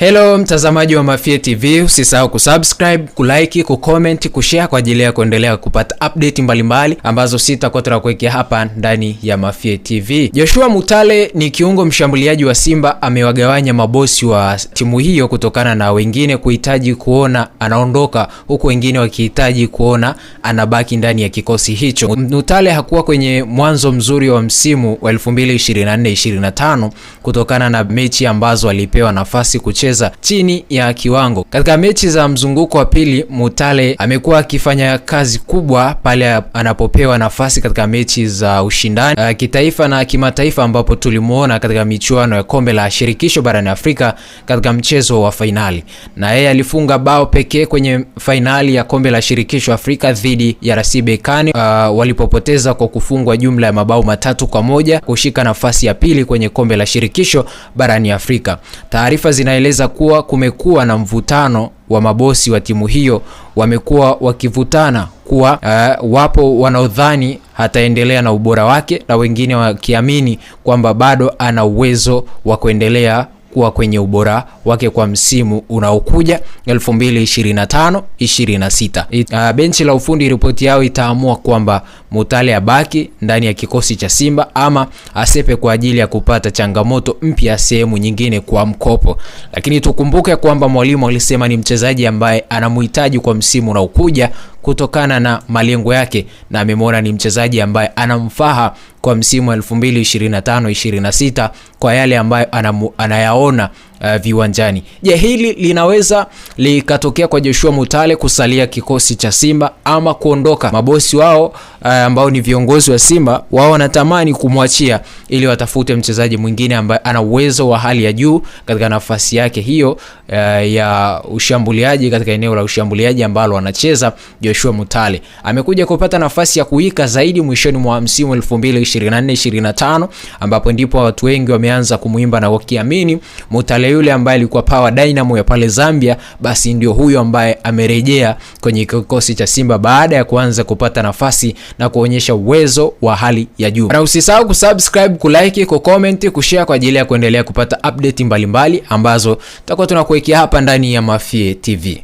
Hello mtazamaji wa Mafie TV, usisahau kusubscribe, kulike, kucomment, kushare kwa ajili ya kuendelea kupata update mbalimbali ambazo sitakuwa tunakuwekea hapa ndani ya Mafie TV. Joshua Mutale ni kiungo mshambuliaji wa Simba, amewagawanya mabosi wa timu hiyo kutokana na wengine kuhitaji kuona anaondoka huku wengine wakihitaji kuona anabaki ndani ya kikosi hicho. Mutale hakuwa kwenye mwanzo mzuri wa msimu wa 2024-2025 kutokana na mechi ambazo alipewa nafasi kuche kucheza chini ya kiwango. Katika mechi za mzunguko wa pili, Mutale amekuwa akifanya kazi kubwa pale anapopewa nafasi katika mechi za ushindani uh, kitaifa na kimataifa, ambapo tulimwona katika michuano ya kombe la shirikisho barani Afrika katika mchezo wa fainali, na yeye alifunga bao pekee kwenye fainali ya kombe la shirikisho Afrika dhidi ya RC Berkane uh, walipopoteza kwa kufungwa jumla ya mabao matatu kwa moja kushika nafasi ya pili kwenye kombe la shirikisho barani Afrika. Taarifa zinaeleza kueleza kuwa kumekuwa na mvutano wa mabosi wa timu hiyo, wamekuwa wakivutana kuwa uh, wapo wanaodhani ataendelea na ubora wake na wengine wakiamini kwamba bado ana uwezo wa kuendelea kuwa kwenye ubora wake kwa msimu unaokuja 2025 26. Uh, benchi la ufundi ripoti yao itaamua kwamba Mutale abaki ndani ya kikosi cha Simba ama asepe kwa ajili ya kupata changamoto mpya sehemu nyingine kwa mkopo, lakini tukumbuke kwamba mwalimu alisema ni mchezaji ambaye anamhitaji kwa msimu unaokuja kutokana na malengo yake, na amemwona ni mchezaji ambaye anamfaha kwa msimu 2025 26 kwa yale ambayo anayaona uh, viwanjani. Je, hili linaweza likatokea kwa Joshua Mutale kusalia kikosi cha Simba ama kuondoka? Mabosi wao uh, ambao ni viongozi wa Simba wao wanatamani kumwachia ili watafute mchezaji mwingine ambaye ana uwezo wa hali ya juu katika nafasi yake hiyo uh, ya ushambuliaji katika eneo la ushambuliaji ambalo anacheza Joshua Mutale. Amekuja kupata nafasi ya kuika zaidi mwishoni mwa msimu 2024 25 ambapo ndipo watu wengi wameanza kumuimba na wakiamini Mutale yule yule ambaye alikuwa Power Dynamo ya pale Zambia, basi ndio huyo ambaye amerejea kwenye kikosi cha Simba baada ya kuanza kupata nafasi na kuonyesha uwezo wa hali ya juu. Na usisahau kusubscribe, kulike, kucomment, kushare kwa ajili ya kuendelea kupata update mbalimbali mbali ambazo tutakuwa tunakuwekea hapa ndani ya Mafie TV.